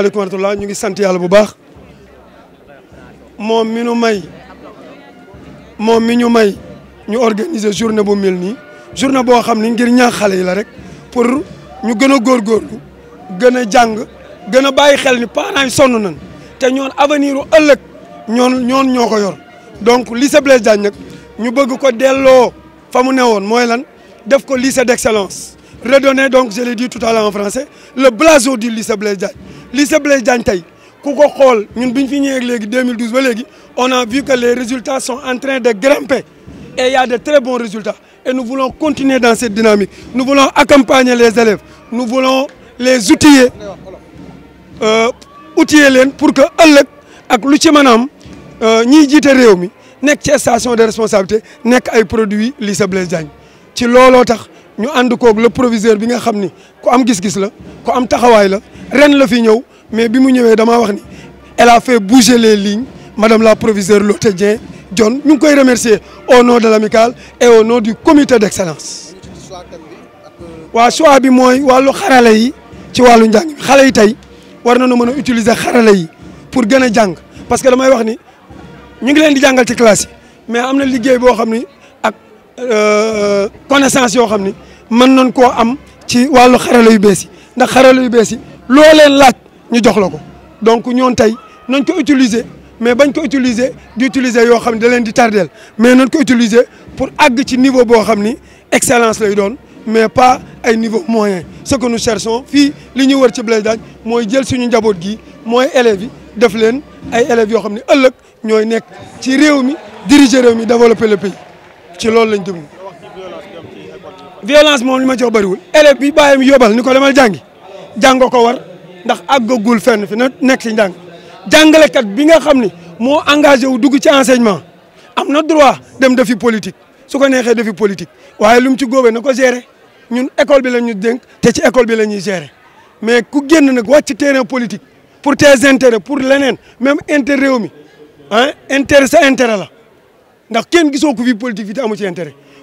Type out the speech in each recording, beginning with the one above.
alaykoum wa rahmatulah ñu ngi sant yalla bu baax mom mi ñu may mom mi ñu may ñu organiser journée bu melni journée bo xamni ngir ñaax xale yi la rek pour ñu gëna gor gorlu gëna jang gëna gën a xel ni parents yi sonn nañ té ñoon aveniru ëlëk ñoon ñoon ñoko yor donc lycée Blaise Diagne nag ñu bëgg ko delloo famu néwon moy lan def ko lycée d'excellence redonner donc je l'ai dit tout à l'heure en français le blason du lycée Blaise Diagne lycée Blaise Diagne tey ku ñun 2012 on a vu que les résultats sont en train de grimper et il y a de très bons résultats et nous voulons continuer dans cette dynamique nous voulons accompagner les élèves nous voulons les outiller euh, outiller pour que les ak lu ci mën a am euh, ñiy jiite ci station de responsabilité nekk ay produits lycée Blaise Diagne ci lolo tax ñu ànd koog le proviseur bi nga xam am gis-gis la ko am taxawaay la rien la fi ñëw mais bi mu ñëwee damaa wax ni elle a fait bouger les lignes madame la proviseure Lotte Dieng John ñu ngi koy remercier au nom de l'amicale et au nom du comité d'excellence. Wa choix bi mooy wàllu xarale yi ci wàllu njàng bi xale yi tey war nañu utiliser xarale yi pour gagner jang parce que damay wax ni ñu ngi leen di jàngal ci classe yi mais am na liggéey boo xam ni ak euh, connaissance yo xamni vous nañ ko am ci walu xarala yu yi ndax xarala yu leen laaj ñu jox lako donc ñoon tay nañ ko utiliser mais bañ ko utiliser di utiliser de da di mais nañ ko utiliser pour ag niveau bo xamni excellence lay mais pas ay niveau moyen ce que nous cherchons fi li ñu wër ci Blaise de jël suñu njabot gi moy élève yi def leen ay élève yo xamni ëlëk ñoy mi diriger mi développer le pays ci loolu lañ violence mom li ma jox bëriwul élève bi bayam yobal ni ko demal jàngi jàngo ko war ndax àggagul fenn fi na ci jang jangale kat bi nga xamni mo engagé wu dugg ci enseignement amna droit dem defi politique su ko nexé defi politique waye lu ci góobee nako gérer ñun école bi lañu denk té ci école bi lañuy gérer mais ku génn nak wacc terrain politique pour tes intérêts pour lenen même intérêt réew mi ah hein, intérêt sa intérêt la ndax kenn gisoo ko fi politique fi te amu ci intérêt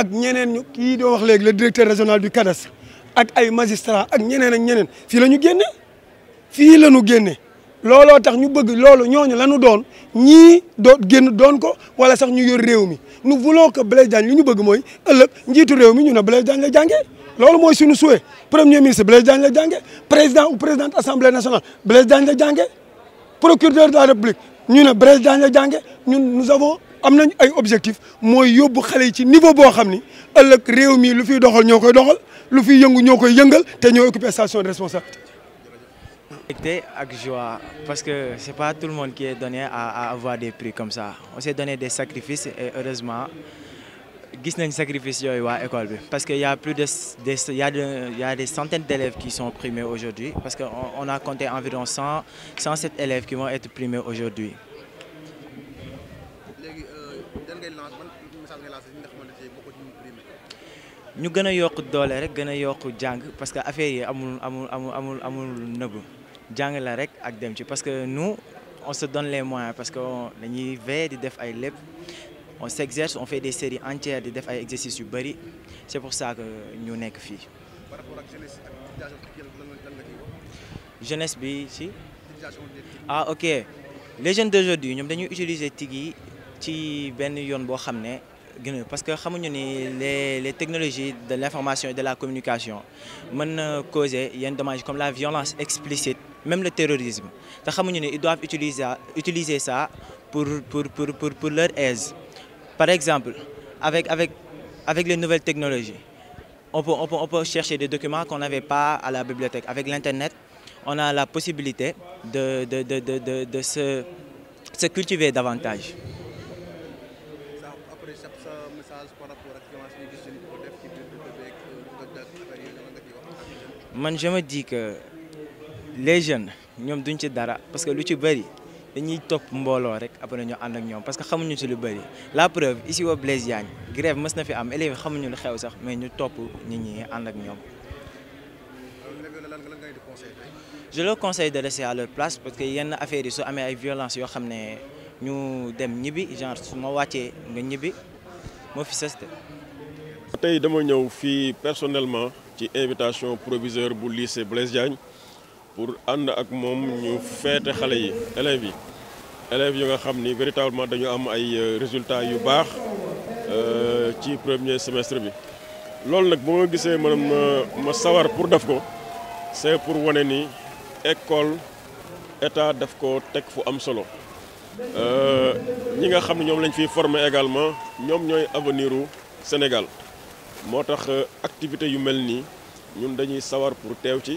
ak ñeneen ñu kii wax le directeur régional du cadastre ak ay magistrats ak ñeneen ak ñeneen fii la ñu génne fii la ñu tax ñu bëgg loolu ñoñu la ñu doon ñi do genn doon ko wala sax ñu yor réew mi nous voulons que Blaise Diagne li ñu bëgg moy. ëlëk njiitu réew mi ñu ne Blaise Diagne la jàngee loolu moy suñu souhait premier ministre Blaise Diagne la jàngee président ou présidente assemblée nationale Blaise Diagne la jàngee procureur de la république nous avons un objectif objectif. Nous avons niveau avons un objectif. joie, parce que c'est pas tout le monde qui est donné à avoir des prix comme ça. On s'est donné des sacrifices et heureusement, gis nañ sacrifice yoy wa école bi parce que y a plus de des y a de y a des centaines d'élèves qui sont primés aujourd'hui parce que on, on a compté environ cent cent sept élèves qui vont être primés aujourd'hui euh, ñu gëna a yokk doole rek gëna a jang parce que affaire yi amul amul amul amul amul nëbb la rek ak dem ci parce que nous on se donne les moyens parce que dañuy veiller di def ay lépp on s'exerce on fait des séries entières de def exercices yu le C'est pour ça que rapport à la jeunesse B si? ah ok les jeunes d'aujourd'hui nous dañuy utiliser Tiggy parce que les technologies de l'information et de la communication peuvent causer un dommages comme la violence explicite même le terrorisme ils doivent utiliser utiliser ça pour pour leur aise. Par exemple, avec, avec, avec les nouvelles technologies, on peut, chercher des documents qu'on n'avait pas à la bibliothèque. Avec l'Internet, on a la possibilité de, de, de, de se, se, cultiver davantage. Man, je me dis que les jeunes, nous parce que dañuy top mbooloo rek après ñu ànd ak ñoom parce que xamuñu ci lu bëri la preuve ici wa Blaise Diagne grève mës na fi am élèves xamuñu lu xew sax mais ñu topp nit ñi ànd ak ñoom. je le conseille de rester à leur place parce que yenn affaire yi su amee ay violence yoo xam ne ñu dem ñibi genre su ma wàccee nga ñibi moo fi sës tey dama ñëw fii personnellement ci invitation proviseur bu lycée Blaise Diagne pour and ak mom ñu fété xalé yi élèves yi élèves yi nga xamni ni véritablement dañu am ay euh, résultats yu baax euh, ci premier semestre bi lool nak bu ma gisee man ma sawar pour def ko c'est pour woné ni école état daf ko tek fu am solo euh, ñi nga xamni ñom lañ fi former également ñom ñoy avenir Sénégal motax activité yu melni ñun dañuy sawar pour tew ci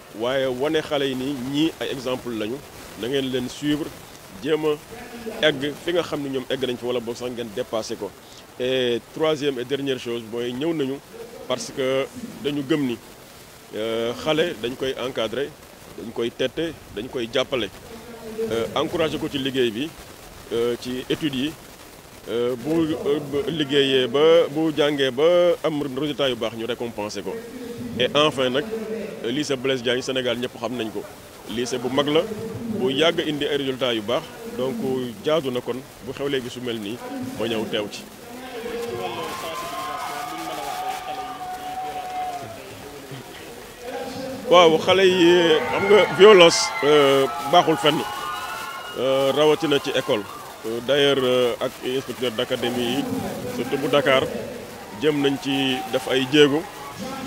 waaye wane xale yi nii ay exemple lañu na ngeen leen suivre djema a egg fi nga xamni ñom egg nañ fi wala boog sax ngeen dépasser ko et troisième et dernière chose boy ñew nañu parce que dañu gëm ni euh, xalé dañ koy encadrer dañ koy tété dañ koy jàppale euh, encourager ko ci liggéey bi euh, ci études yi bu liggéeyee ba bu jangé ba am résultat yu bax ñu récompenser ko et enfin nak lycée Blaise Diagne Sénégal ñëpp xam nañ ko lycée bu mag la bu yàgg indi ay résultats yu baax donc jaadu na kon bu xewlee bi su melni nii ñew tew ci. waaw xalé yi xam nga violence euh, baxul fenn euh, rawatina ci école euh, d'ailleurs ak inspecteur d'académie surtout bu Dakar jëm nañ ci def ay djégo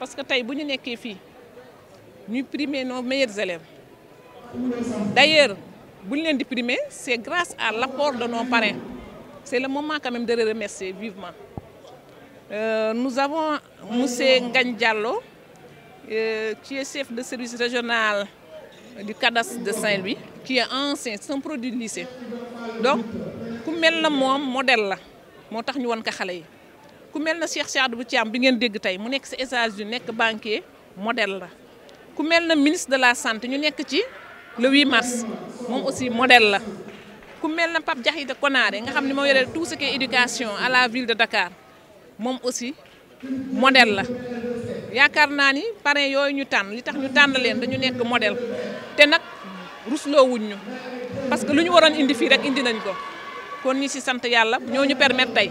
parce que si vous sommes nos meilleurs élèves d'ailleurs si nous les c'est grâce à l'apport de nos parents. c'est le moment quand même de les remercier vivement euh, nous avons M. Ngagne euh, qui est chef de service régional du cadastre de Saint-Louis qui est ancien c'est produit de lycée donc ku mel modèle la ku melna na Cheikh Sadibou tiam bi ngeen deg tay mu nek ci États-Unis nek banquier model la ku melna ministre de la santé ñu nek ci le 8 mars mom aussi model. la ku melna na Pape Diakhité Konaté nga xamni mo yore tout ce qui est éducation à la ville de Dakar mom aussi model. la yaakaar naa ni Yoy yooyu ñu tan li tax ñu tan leen dañu nek model té nak ruslo wuñ ñu parce que luñu waron indi fi rek indi nañ ko kon ñi ci sante yalla ñoo ñu permettre tay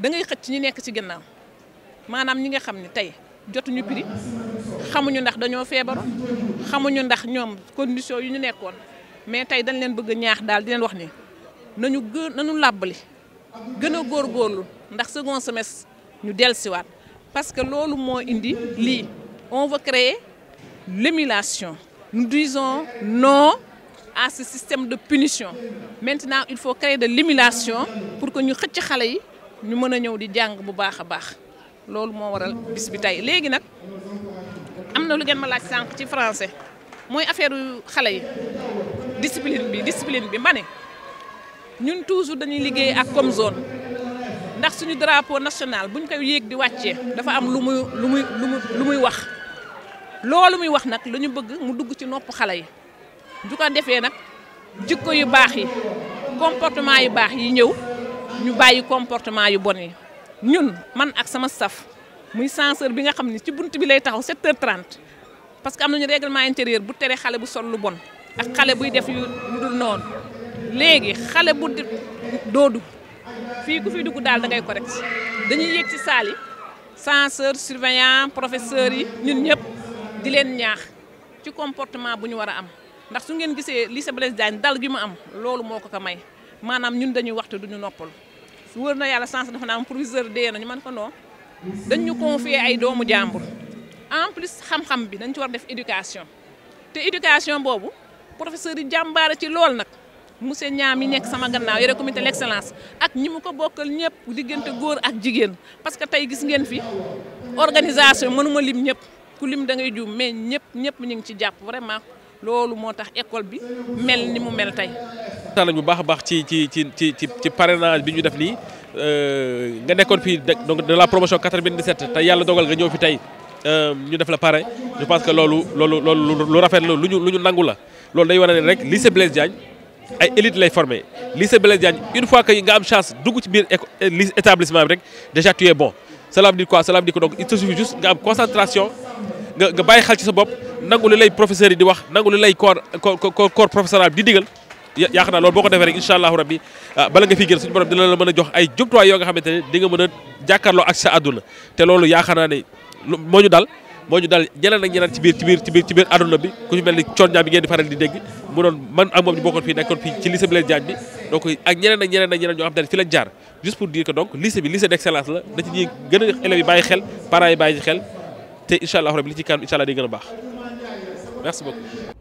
da ngay xëcc ni nekk ci ginnaaw maanaam ñi nga tay? ne tey jotuñu prix xamuñu ndax dañoo feebaroon xamuñu ndax ñoom condition yu ñu nekkoon mais tey dañ leen bëgg ñaax daal di leen wax ni nañu gën nañu làbbali gën a góorgóorlu ndax second semestre ñu dellusiwaat parce que loolu mo indi li. on veut créer l'émulation nous disons non à ce système de punition maintenant il faut créer de l'émulation pour que ñu xëcc xale yi ñu mën a ñëw di jàng bu baax a baax loolu moo waral bis bi tey léegi nag am na lu ngeen ma laaj sànq ci français mooy affaire xale yi discipline bi discipline bi ma ne ñun toujours dañuy liggéey ak comme zone ndax suñu drapeau national buñ koy yéeg di wàccee dafa am lu muy lu muy lu muy wax loolu muy wax nag la ñu bëgg mu dugg ci nopp xale yi du ko defee nag jikko yu baax yi comportement yu baax yi ñëw ñu bàyyi comportement yu bon yi ñun man ak sama staff muy censeur bi nga xam ni ci bunt bi lay taxaw 7 h parce que am nañu règlement intérieur bu tere xale bu sol lu bon ak xale buy def yu dul noonu léegi xale bu doodu fii ku fi dugg daal da ngay correct dañuy yéeg ci saal yi censeur surveillant professeurs yi ñun ñëpp di leen ñaax ci comportement bu ñu war a am ndax su ngeen gisee lycée Blaise Diagne dal gi mu am loolu moo ko ko may maanaam ñun dañuy waxtu duñu noppal wër na yàlla sens dafa naan proviseur dee na ñu man ko noo dañ ñu confier ay doomu jambour en plus xam-xam bi dañ ci war def éducation te éducation bobu professeur yi jàmbaare ci lool nak monsieur ñaam nek sama gannaaw yore comité l'excellence ak ñi mu ko bokkal ñëpp diggante góor ak jigéen parce que tay gis ngeen fi organisation mënuma lim ñëpp ku lim da ngay joom mais ñëpp ñëpp ñing ci japp vraiment loolu motax école bi mel ni mu mel tay waxtaan bu baax baax ci ci ci ci ci ci parrainage bi ñu def nii euh, nga nekkoon fii donc de la promotion 97 te yàlla dogal nga ñëw fi tey euh, ñu def la parrain je pense que loolu loolu loolu lu rafet la lu ñu lu ñu nangu la loolu day wane ne rek lycée Blaise Diagne ay élite lay formé lycée Blaise Diagne une fois que nga am chance dugg ci biir euh, établissement bi rek déjà tu es bon cela veut dire quoi cela veut dire que donc il te suffit juste nga am concentration nga nga bàyyi xel ci sa bopp nangu li lay professeurs yi di wax nangu li lay corps corps corps professoral di digal. yaakaar naa loolu boo ko defee rek incha allahu rabbi ah, bala nga fi génn suñu borom dina la mën a jox ay jumtuwaay yoo nga xamante ne di nga mën a jàkkaarloo ak sa àdduna te loolu yaakaar naa ne moo ñu dal moo ñu dal ñeneen ak ñeneen ci biir ci biir ci biir ci biir àdduna bi ku ci di faral di dégg mu doon man ak moom ñu bokkoon fii nekkoon fii ci lycée bi leen jaan bi donc ak ñeneen ak ñeneen ñoo xam te ne fi lañ jaar juste pour dire que donc lycée bi lycée d'excellence la na ci ñuy gën a élèves yi bàyyi xel parents yi bàyyi xel te incha allahu rabbi li ci kanam incha allah a baax merci beaucoup